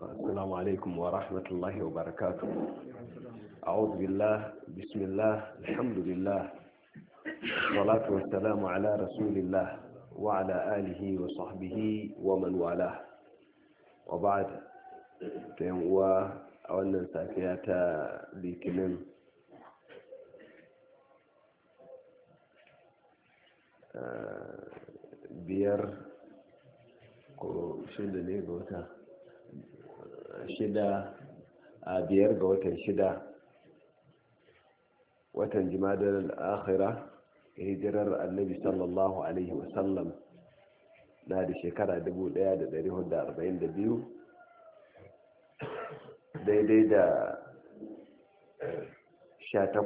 السلام عليكم ورحمة الله وبركاته أعوذ بالله بسم الله الحمد لله الصلاة والسلام على رسول الله وعلى آله وصحبه ومن والاه وبعد تنوى أولا ساكيات لكنن آه، بير ko shida shida a biyar ga watan shida watan jimadar al'akhira hijirar annabi sallallahu alaihi wasallam na da shekara 1442 daidai da 18 ga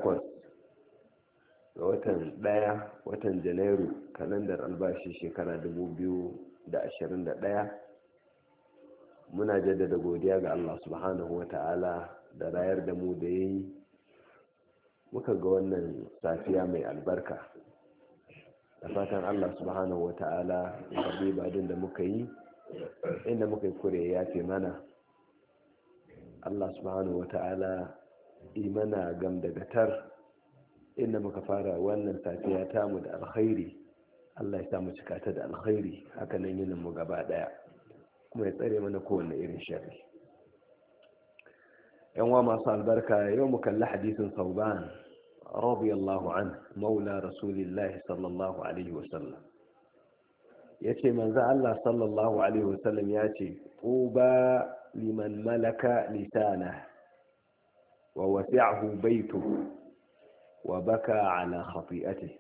watan daya watan janairu kalandar albashi shekara 2021 muna jaddada godiya ga allah subhanahu wa ta'ala da rayar da mu da ya yi muka ga wannan safiya mai albarka da fatan allah subhanahu wa ta'ala karbi badin da muka yi inda muka yi kure ya fi mana allah subhanahu wa ta'ala imana gam da gatar. inda muka fara wannan safiya tamu da alkhairi allah ya samu cika ta da alkhairi hakanan yinin mu gaba daya kuma ya tsare mana kowanne irin shari'a yan wa masu albarka yau mu kalli hadisin sauban radiyallahu an maula rasulillahi sallallahu alaihi wasallam ya ce manzo Allah sallallahu alaihi wasallam ya ce tuba liman malaka lisana wa wasi'ahu baituhu wa baka ala khati'atihi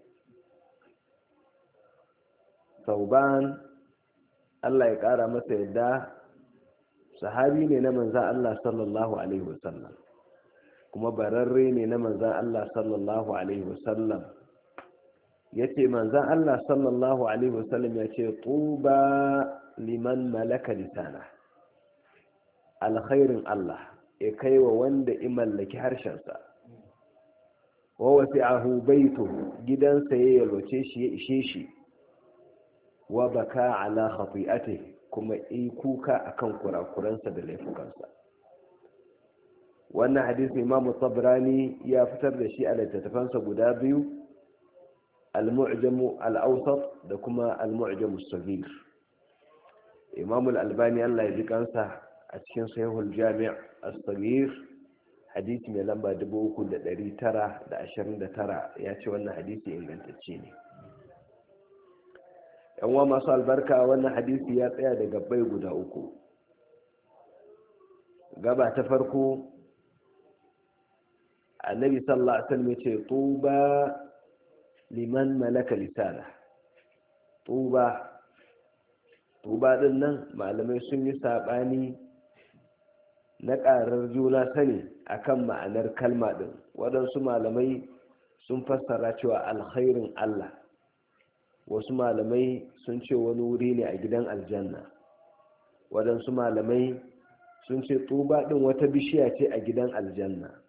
sauban Allah ya ƙara masa yadda sahabi ne na manzan Allah sallallahu Alaihi wasallam kuma bararre ne na manzan Allah sallallahu Alaihi wasallam ya ce manzan Allah sallallahu Alaihi wasallam ya ce tuba liman malaka lisana alkhairin Allah ya kai wa wanda imallaki harshensa wa wasi'ahu baitu gidansa ya yalwace shi ya ishe shi wa baka ala khati'atihi kuma yi kuka akan kurakuransa da laifukansa wannan hadisi imamu tabrani ya fitar da shi a littattafansa guda biyu al-mu'jamu al-awsat da kuma al-mu'jamu as-saghir imamu al-albani Allah ya ji kansa a cikin sahihul jami' as-saghir hadisi mai lamba 3929 ya ce wannan hadisi ingantacce ne wa masu albarka wannan hadisi ya tsaya da gabbai guda uku gaba ta farko annabi sallallahu alaihi wasallam ce tuba liman malaka lisana tuba tuba din nan malamai sun yi saɓani na ƙarar juna sani akan ma'anar kalma din waɗansu malamai sun fassara cewa alkhairin Allah wasu malamai sun ce wani wuri ne a gidan aljanna waɗansu malamai sun ce tuba ɗin wata bishiya ce a gidan aljanna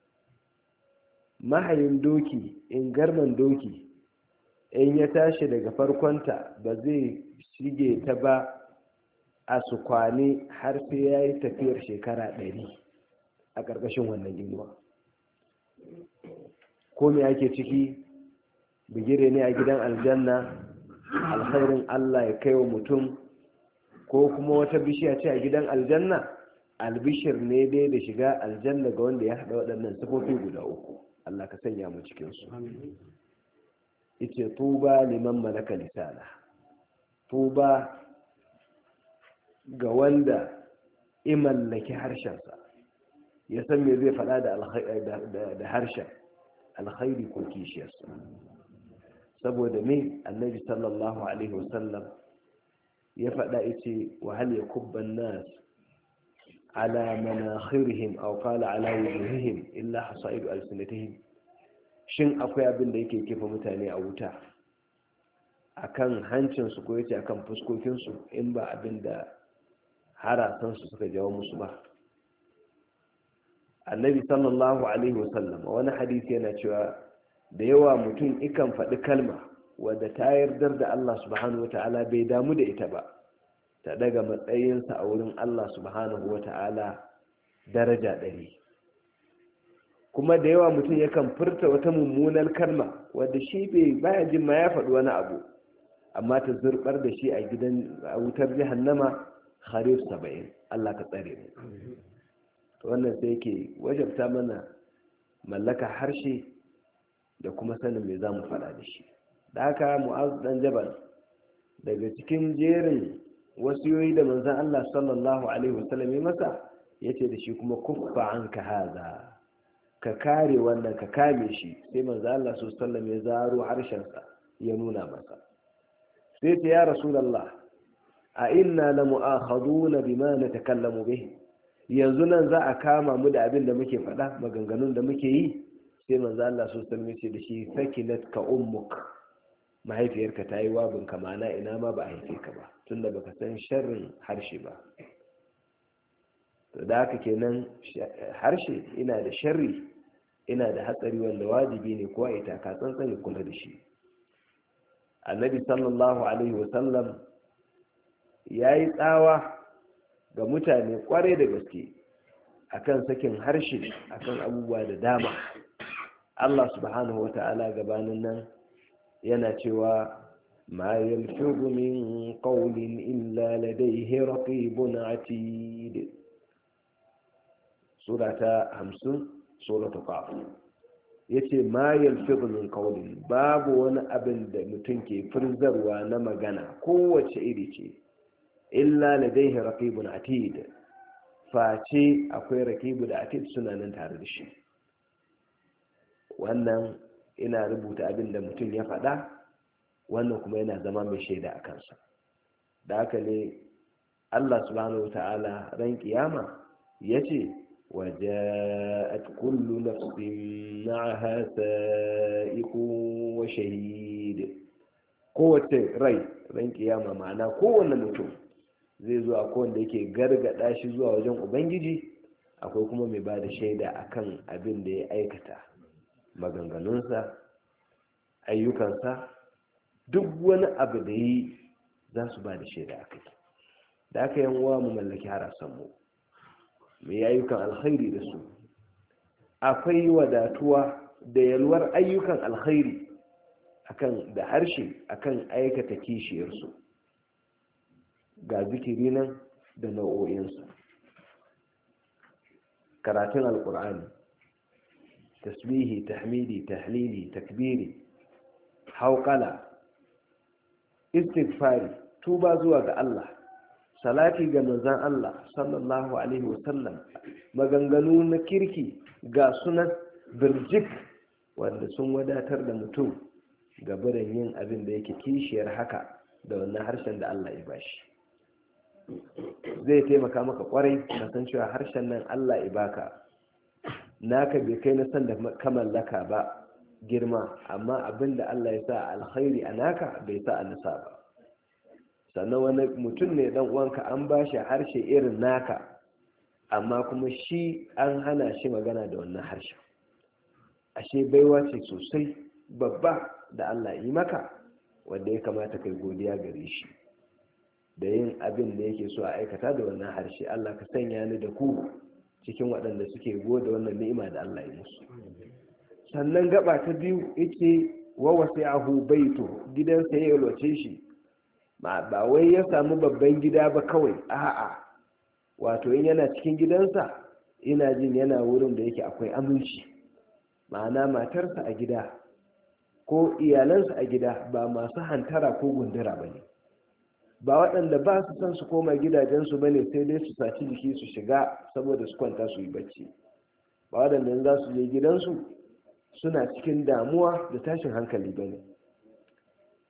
mahayin doki in garman doki in ya tashi daga farkonta ba zai shige ta ba a su kwane har sai ya yi tafiyar shekara ɗari a ƙarƙashin wannan inuwa ko me ake ciki bigire ne a gidan aljanna alkhairin Allah ya kai wa mutum ko kuma wata bishiya ce a gidan aljanna albishir ne dai da shiga aljanna ga wanda ya haɗa waɗannan sifofi guda uku Allah ka sanya mu cikin su ita tuba liman malaka lisana tuba ga wanda i mallaki harshensa ya san me zai faɗa da harshen alkhairi ko kishiyarsa saboda me annabi sallallahu alaihi wasallam ya faɗa yace wa hal yakubban nas ala manakhirihim aw qala ala wujuhihim illa hasaidu alsinatihim shin akwai abin da yake kifa mutane a wuta akan hancin su ko yace akan fuskokin su in ba abin da haratan su suka jawo musu ba annabi sallallahu alaihi wasallam wani hadisi yana cewa da yawa mutum ikan faɗi kalma wadda ta yardar da Allah subhanahu wa ta'ala bai damu da ita ba ta daga matsayinsa a wurin Allah subhanahu wa ta'ala daraja ɗari kuma da yawa mutum yakan furta wata mummunar kalma wadda shi bai baya jin ma ya faɗi wani abu amma ta zurɓar da shi a gidan a wutar nama harif saba'in Allah ka tsare mu wannan sai ke wajabta mana mallaka harshe da kuma sanin mai za mu fada da shi da haka mu'az dan jabal daga cikin jerin wasu yoyi da manzan Allah sallallahu alaihi wasallam ya masa yace da shi kuma an ka haza ka kare wannan ka kame shi sai manzan Allah sallallahu ya zaro harshensa ya nuna masa sai ta ya rasulallah a inna la na bima natakallamu bihi yanzu nan za a kama mu da abin da muke faɗa maganganun da muke yi sai manzo Allah su sallame ce da shi sakilat ka ummuk mahaifiyarka ta yi wabin ka mana ina ma ba a haife ka ba tunda baka san sharrin harshe ba to da haka kenan harshe ina da sharri ina da hatsari wanda wajibi ne ko ita ka tsantsan ya kula da shi annabi sallallahu alaihi wasallam ya yi tsawa ga mutane kwarai da gaske akan sakin harshe akan abubuwa da dama Allah subhanahu wa ta'ala gabanin nan yana cewa ma yalfidu min qawlin illa ladayhi raqibun atid surata 50 suratu qaf yace ma yalfidu min qawlin babu wani abin da mutum ke furzarwa na magana kowace iri ce illa ladayhi raqibun atid face akwai raqibu da atid suna nan tare da shi wannan ina rubuta abin da mutum ya faɗa wannan kuma yana zama mai shaida a kansa da haka ne allah subhanahu wa ta'ala ran kiyama ya ce وجاءت كل na معها wa shahid kowace rai ran kiyama ma'ana kowane mutum zai zo a kowanne yake gargada shi zuwa wajen ubangiji akwai kuma mai ba da shaida akan abin da ya aikata maganganunsa ayyukansa duk wani abu da yi za su ba da shaida a kai da aka yan mu mallaki harasanmu mu Me ayyukan alkhairi da su akwai wadatuwa da yalwar ayyukan alkhairi akan da harshe akan aikata kishiyarsu ga zikiri nan da nau'o'insu. karatun alkur'ani tasbihi tahmidi tahlili takbiri hauƙala istighfari tuba zuwa ga Allah salati ga manzan Allah sallallahu alaihi wasallam maganganu na kirki ga sunan birjik wanda sun wadatar da mutum ga barin yin abin da yake kishiyar haka da wannan harshen da Allah ya bashi zai taimaka maka kwarai kasancewa harshen nan Allah ya baka naka bai kai na san da ka mallaka ba girma amma abin da Allah ya sa alkhairi a naka bai sa alisa ba sannan wani mutum ne dan uwanka an ba shi harshe irin naka amma kuma shi an hana shi magana da wannan harshe. ashe baiwa ce sosai babba da Allah yi maka wanda ya kamata kai godiya gare shi da yin abin da yake so a aikata da wannan harshe Allah ka sanya ni da ku cikin waɗanda suke goda wannan ni'ima da Allah ya musu sannan gaba ta biyu yace wa wasi'ahu baitu gidansa ya yalwace shi ba wai ya samu babban gida ba kawai a'a wato in yana cikin gidansa ina jin yana wurin da yake akwai aminci ma'ana matarsa a gida ko iyalansa a gida ba masu hantara ko gundura ba ne ba waɗanda ba su san su koma gidajensu ba sai dai su saci jiki su shiga saboda su kwanta su yi bacci ba waɗanda za su je gidansu suna cikin damuwa da tashin hankali bane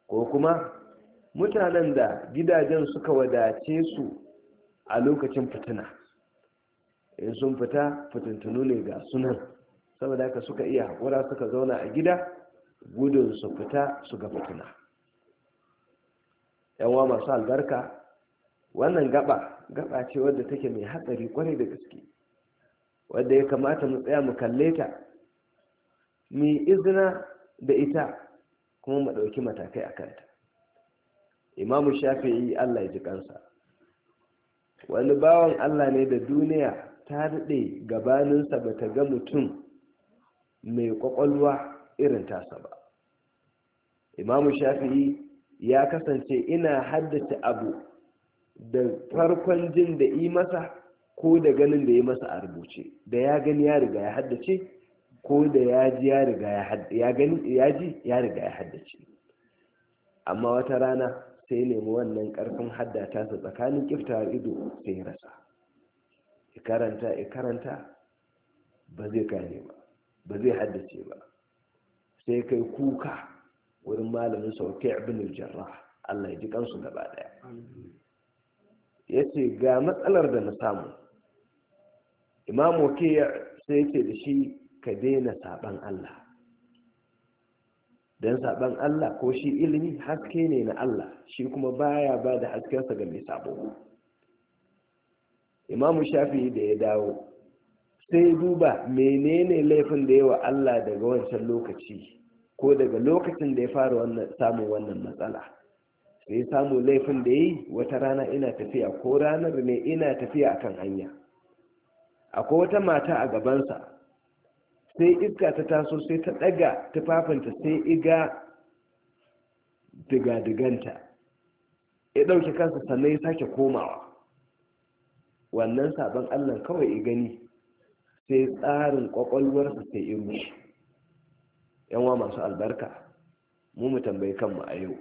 ko kuma mutanen da gidajen suka wadace su a lokacin fitina in sun fita fitintunu ne ga sunan saboda haka suka iya haƙura suka zauna a gida gudun su fita su ga fitina yanwa masu albarka wannan gaba gaba ce wadda take mai hatsari kwarai da gaske wadda ya kamata mu tsaya mu kalle ta mu izina da ita kuma mu ɗauki matakai a kanta imamu shafi'i allah ya ji kansa wani bawan allah ne da duniya ta daɗe gabaninsa ba ta ga mutum mai ƙwaƙwalwa irin tasa ba imamu shafi'i ya kasance ina haddace abu da farkon jin da yi masa ko da ganin da yi masa a rubuce da ya gani ya riga ya haddace ko da ya ji ya riga ya gani ya ji ya riga ya haddace amma wata rana sai nemi wannan karfin haddata su tsakanin kiftawar ido sai rasa ya karanta i karanta ba zai gane ba ba zai haddace ba sai kai kuka wurin malamin sauke ibn jarrah Allah ya ji kansu gaba daya yace ga matsalar da na samu imam wakiya sai ce da shi ka daina saban Allah dan saban Allah ko shi ilimi haske ne na Allah shi kuma baya ba da sa ga mai sabo imamu shafi da ya dawo sai duba menene laifin da yawa Allah daga wancan lokaci ko daga lokacin da ya fara wannan samun wannan matsala sai samu laifin da yi wata rana ina tafiya ko ranar ne ina tafiya akan hanya akwai wata mata a gabansa sai iska ta taso sai ta daga tufafinta sai iga diga-diganta ya ɗauki kansa sannan ya sake komawa wannan sabon allah kawai ya gani sai tsarin kwakwalwarsa sai ya rushe. yanwa masu albarka mu mu tambayi kanmu a yau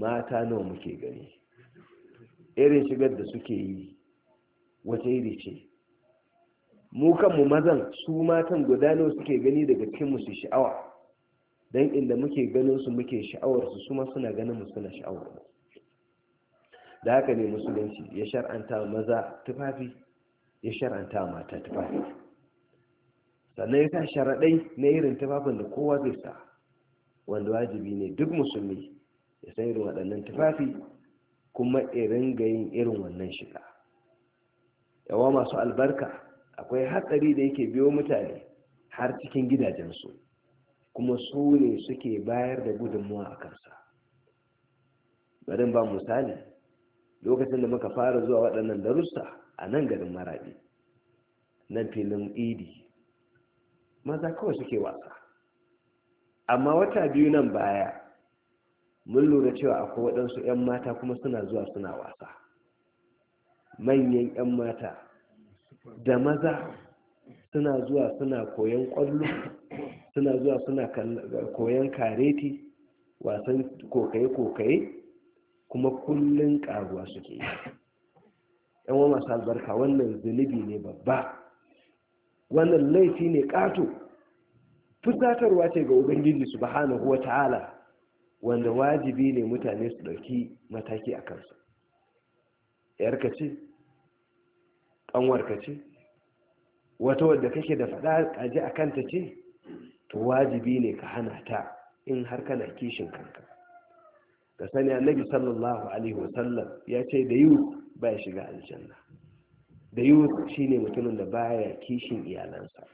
mata nawa muke gani irin shigar da suke yi wata iri ce mu kanmu mazan su matan guda nawa suke gani daga cikin su sha'awa don inda muke ganin su muke sha'awar su suma suna ganin mu suna sha'awar mu da haka ne musulunci ya shar'anta maza tufafi ya shar'anta mata tufafi sannan ya sa sharaɗai na irin tufafin da kowa zai sa wanda wajibi ne duk musulmi ya san irin waɗannan tufafi kuma irin ga yin irin wannan shiga yawa masu albarka akwai hatsari da yake biyo mutane har cikin gidajensu kuma su ne suke bayar da gudunmuwa a kansa bari ba misali lokacin da muka fara zuwa waɗannan darussa a nan garin maraɗi nan filin idi maza kawai suke wasa amma wata biyu nan baya mun lura cewa akwai waɗansu 'yan mata kuma suna zuwa suna wasa manyan 'yan mata da maza suna zuwa suna koyon ƙwallo suna zuwa suna koyon kareti wasan kokaye-kokaye kuma kullum ƙaruwa suke yi yan wa masu albarka wannan zunubi ne babba wannan laifi ne ƙato fusatarwa ce ga ubangiji subhanahu ta'ala wanda wajibi ne mutane su ɗauki mataki a kansu yarka ce ƙanwarka ce wata wadda kake da faɗa ji a kanta ce to wajibi ne ka hana ta in har kana kishin kanka ka sani annabi sallallahu alaihi wasallam ya ce da yiwu ba ya shiga aljanna da yiwu shi ne mutumin da baya kishin iyalansa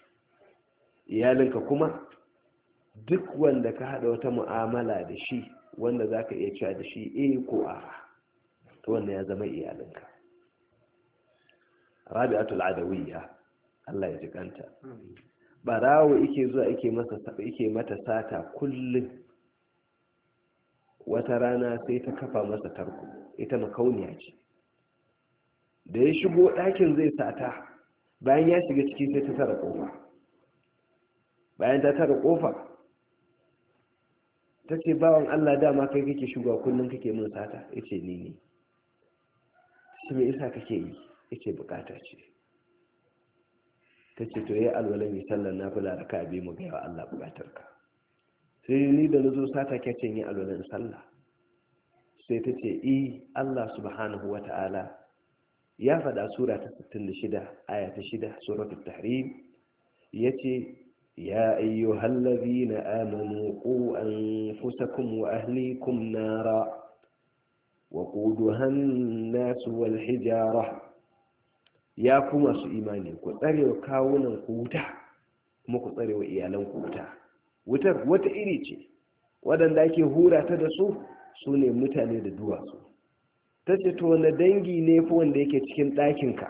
iyalinka kuma duk wanda ka haɗa wata mu'amala da shi wanda za ka iya cewa da shi a ko a ta wanda ya zama iyalinka rabi'atul adawiyya Allah ya jikanta barawo ike zuwa ike masa ike mata sata kullum wata rana sai ta kafa masa tarko ita makauniya ce da ya shigo ɗakin zai sata bayan ya shiga ciki sai ta tara ƙofa bayan ta tara ƙofa ta ce bawan allah dama kai kake shiga kullum kake min sata ya ce ni ne shi mai isa kake yi ya ce bukata ce ta ce to yi alwala mai sallar na fula da kabe mu gaya wa allah ka sai ni da na zo sata kyacin yi alwalin sallah sai ta ce i eh, allah subhanahu wa ta'ala ya faɗa sura ta 66 aya ta 6 suratul tahrim yace ya ayyuhallazina amanu qu anfusakum wa ahlikum nara waquduha an-nas wal hijara ya kuma su imani ku tsarewa kawunan ku wuta kuma ku tsarewa iyalan ku wuta wutar wata iri ce waɗanda ake hura ta da su sune mutane da duwatsu ta ce to wanda dangi ne fi wanda yake cikin ɗakinka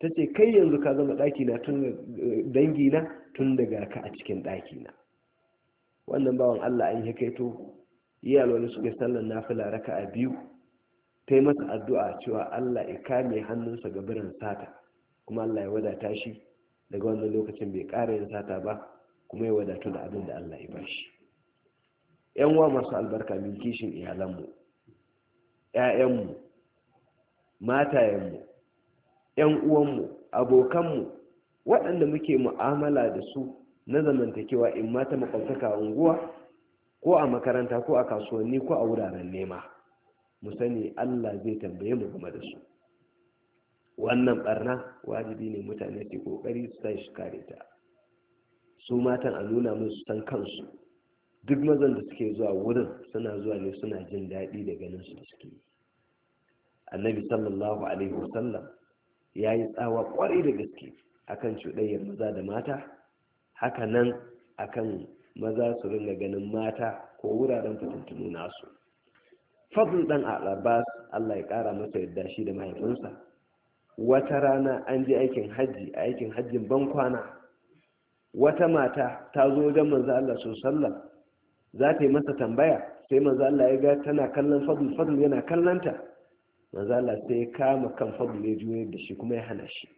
ta ce kai yanzu ka zama ɗaki na tun eh, na tun daga ka a cikin na wannan bawan allah an yi to iyalo wani suke sallan nafila raka a biyu ta yi masa addu'a cewa allah ya kame hannunsa ga birin sata kuma allah ya wadata shi daga wannan lokacin bai ƙara yin sata ba kuma ya wadatu da abin da allah ya bashi yan wa masu albarka min kishin iyalan mu. ‘ya'yanmu matayenmu ‘yan uwanmu abokanmu waɗanda muke mu'amala da su na zamantakewa in mata makwabtaka unguwa ko a makaranta ko a kasuwanni ko a wuraren nema mu sani allah zai tambaye mu game da su wannan ɓarna wajibi ne mutane su ƙoƙari su shi kare ta su matan a nuna musu san kansu duk mazan da suke zuwa wurin suna zuwa ne suna jin daɗi da ganin su da suke annabi sallallahu alaihi wasallam ya yi tsawa kwarai da gaske akan cuɗayyar maza da mata haka nan akan maza su ringa ganin mata ko wuraren fitintunu nasu fadl dan al'abbas allah ya ƙara masa yadda shi da mahaifinsa wata rana an je aikin hajji a aikin hajjin ban kwana wata mata ta zo wajen manzo allah sallallahu za ta yi masa tambaya sai manzo Allah ya ga tana kallon fadl fadl yana kallanta manzo Allah sai ya kama kan fadl ya juye da shi kuma ya hana shi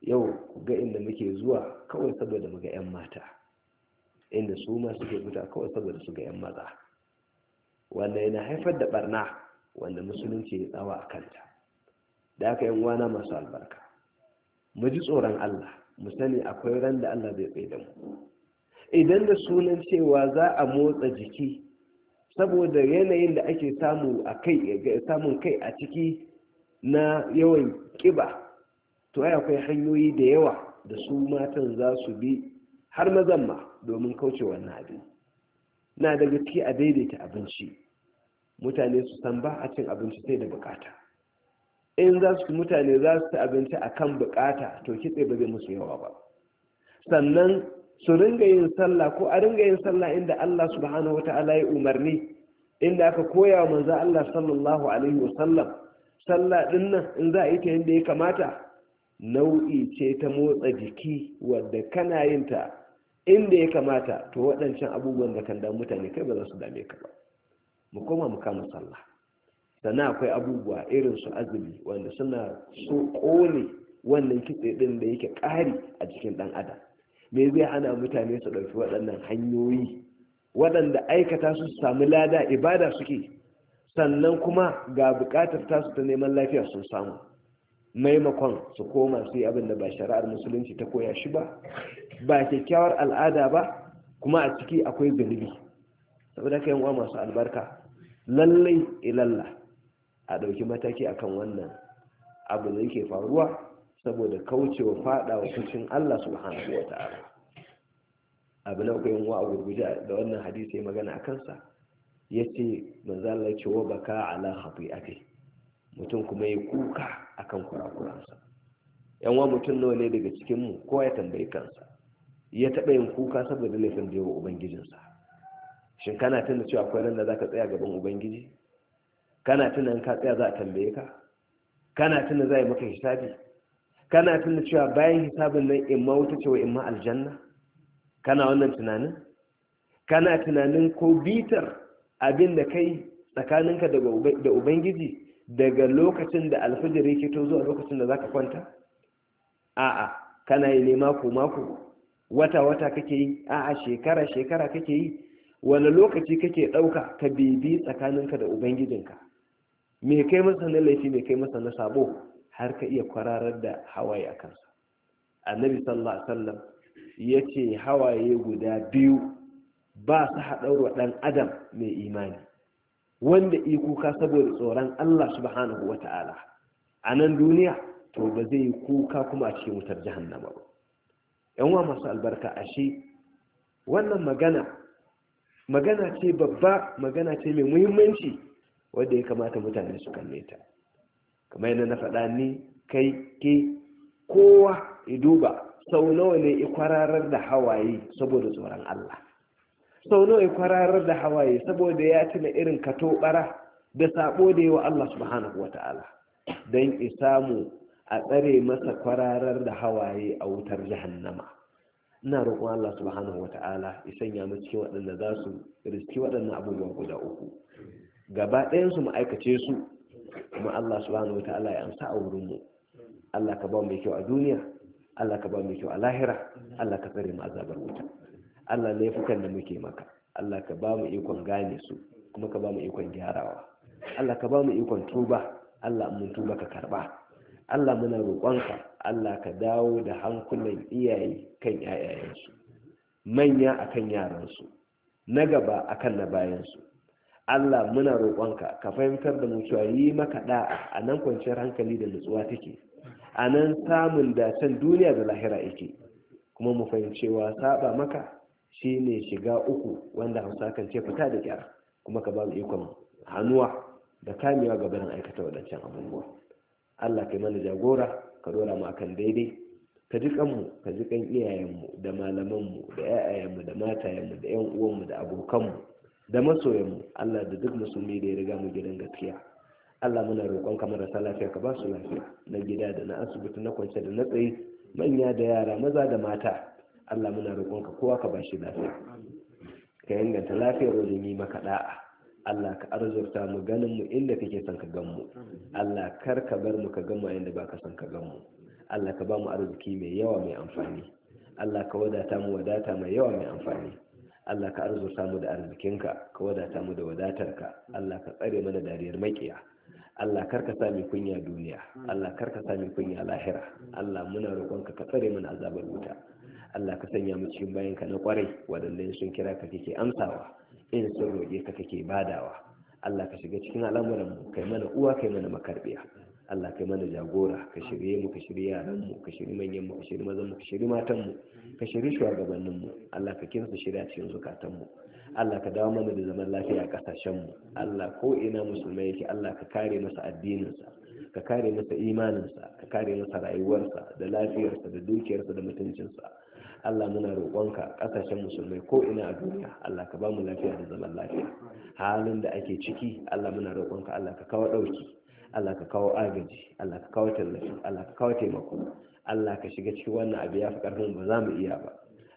yau ga inda muke zuwa kawai saboda muga yan mata inda su ma suke fita kawai saboda su ga yan maza wanda yana haifar da barna wanda musulunci ya tsawa a kanta da aka yin wana masu albarka mu ji tsoron Allah mu sani akwai ran da Allah zai tsaye da mu idan da sunan cewa za a motsa jiki saboda yanayin da ake samu a kai samun kai a ciki na yawan kiba to ai akwai hanyoyi da yawa da su matan za su bi har mazan ma domin kauce wannan abin na daga ciki a daidaita abinci mutane su san ba a cin abinci sai da bukata in za su mutane za su ci abinci a kan bukata to kitse ba zai musu yawa ba sannan su ringa yin sallah ko a ringa yin sallah inda Allah subhanahu ta'ala ya umarni inda aka koya wa manzo Allah sallallahu alaihi sallam sallah din nan in za a yi ta yadda ya kamata nau'i ce ta motsa jiki wadda kana yin ta inda ya kamata to waɗancan abubuwan da kan damu mutane kai ba za su dame ka ba mu koma mu kama sallah sana akwai abubuwa irin su azumi wanda suna so kone wannan kitse din da yake ƙari a jikin ɗan adam me zai hana mutane su ɗauki waɗannan hanyoyi waɗanda aikata su samu lada ibada suke sannan kuma ga buƙatar tasu ta neman lafiya sun samu maimakon su koma su yi abin da ba shari'ar musulunci ta koya shi ba ba kyakkyawar al'ada ba kuma a ciki akwai zunubi saboda ka yanwa masu albarka lallai ilalla a ɗauki mataki akan wannan abu da yake faruwa saboda kaucewa fada wa fushin Allah subhanahu wa ta'ala abu na uku yin wa gurguje da wannan hadisi magana a kansa ya ce manzo Allah ya ce wa baka ala khati'ati mutum kuma ya kuka akan kurakuransa yan wa mutum nawa ne daga cikin mu kowa ya tambayi kansa ya taba yin kuka saboda laifin da yawa ubangijinsa shin kana tunda cewa akwai nan da za ka tsaya gaban ubangiji kana tunan ka tsaya za a tambaye ka kana tunan za a yi maka hisabi kana tunda cewa bayan hisabin nan imma wuta ce wa imma aljanna kana wannan tunanin kana tunanin ko bitar abin da kai tsakaninka da ubangiji daga lokacin da alfajir yake to zuwa lokacin da za ka kwanta a'a kana yi ne mako mako wata wata kake yi a'a shekara shekara kake yi wani lokaci kake ɗauka ka bibi tsakaninka da ubangijinka me kai masa na laifi me kai masa na sabo har ka iya kwararar da hawaye a kansa annabi sallallahu alaihi wasallam ya ce hawaye guda biyu ba su haɗarwa ɗan adam mai imani wanda yi kuka saboda tsoron allah subhanahu ta'ala a nan duniya to ba zai yi kuka kuma a cikin wutar jahannama ba yan wa masu albarka ashe wannan magana magana ce babba magana ce mai muhimmanci wadda ya kamata mutane su kalle ta kamar yadda na faɗa ni kai ke kowa ya duba sau nawa ne ya kwararar da hawaye saboda tsoron Allah sau nawa ya kwararar da hawaye saboda ya tuna irin kato bara da sabo da yawa Allah subhanahu wata'ala don ya samu a tsare masa kwararar da hawaye a wutar jahannama ina roƙon Allah subhanahu ta'ala ya sanya mu cikin waɗanda za su riski waɗannan abubuwa guda uku gaba ɗayan su ma'aikace su kuma Allah subhanahu wataala ya amsa a wurinmu. Allah ka ba mu kyau a duniya Allah ka ba mu kyau a lahira Allah ka tsare mu azabar wuta Allah laifukan da muke maka Allah ka ba mu ikon gane su kuma ka ba mu ikon gyarawa Allah ka ba mu ikon tuba Allah mun tuba ka karba Allah muna roƙonka Allah ka dawo da hankulan iyaye kan 'ya'yayensu manya akan yaransu na gaba akan na bayansu Allah muna roƙonka ka fahimtar da mu cewa yi maka da'a a nan kwanciyar hankali da nutsuwa take a nan samun dacen duniya da lahira yake kuma mu fahimcewa saba maka shi ne shiga uku wanda hausa kan ce fita da kyara kuma ka ba mu ikon hannuwa da kamewa ga barin aikata waɗancan abubuwa Allah Ka kai mana jagora ka dora mu akan daidai ka ji kanmu ka ji kan iyayenmu da malamanmu da 'ya'yayenmu da matayenmu da 'yan uwanmu da abokanmu da mu, Allah da duk musulmi da ya riga mu gidan gaskiya Allah muna roƙon kamar da lafiya ka ba su lafiya na gida da na asibiti na kwance da na tsayi. manya da yara maza da mata Allah muna roƙon ka kowa ka ba shi lafiya ka inganta lafiyar wajen yi maka da'a Allah ka arzurta mu ganin mu inda kake son ka gan mu Allah kar ka bar mu ka gan mu inda baka son ka gan mu Allah ka ba mu arziki mai yawa mai amfani Allah ka wadata mu wadata mai yawa mai amfani Allah ka arzuta mu da arzikinka ka wadata mu da wadatarka Allah ka tsare mana dariyar maƙiya, Allah karka sa mu kunya duniya Allah kar sa mu kunya lahira Allah muna roƙonka ka tsare mana azabar wuta Allah ka sanya mu cikin bayanka na kwarai wadannan sun kira ka kake amsawa in sun roƙe ka kake badawa Allah ka shiga cikin al'amuran mu kai mana uwa kai mana makarbiya Allah kai mana jagora ka shirye mu ka shirye yaran mu ka shirye manyan mu ka shirye mazan mu ka shirye matan mu ka shirye shugabannin mu Allah ka su shirya cikin zukatan mu Allah ka dawo mana da zaman lafiya a kasashen mu Allah ko ina musulmai yake Allah ka kare masa addinin sa ka kare masa imaninsa ka kare masa rayuwarsa da lafiyarsa da dukiyarsa da mutuncinsa Allah muna roƙonka kasashen musulmai ko ina a duniya Allah ka ba mu lafiya da zaman lafiya halin da ake ciki Allah muna roƙonka Allah ka kawo ɗauki Allah ka kawo agaji Allah ka kawo tallafi Allah ka kawo taimako Allah ka shiga cikin wannan abu ya fi karfin ba za mu iya ba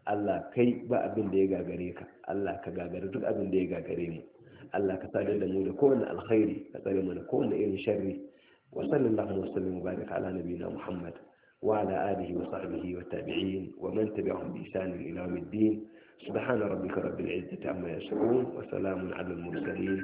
Allah kai ba abin da ya gagare ka Allah ka gagare duk abin da ya gagare mu Allah ka sadar da mu da kowane alkhairi ka tsare mu da kowane irin sharri wa sallallahu wa sallam wa baraka ala nabiyina Muhammad wa ala alihi wa sahbihi wa tabi'in wa man tabi'ahum bi ihsan ila yawm الدين سبحان ربك amma العزة عما salamun وسلام على المرسلين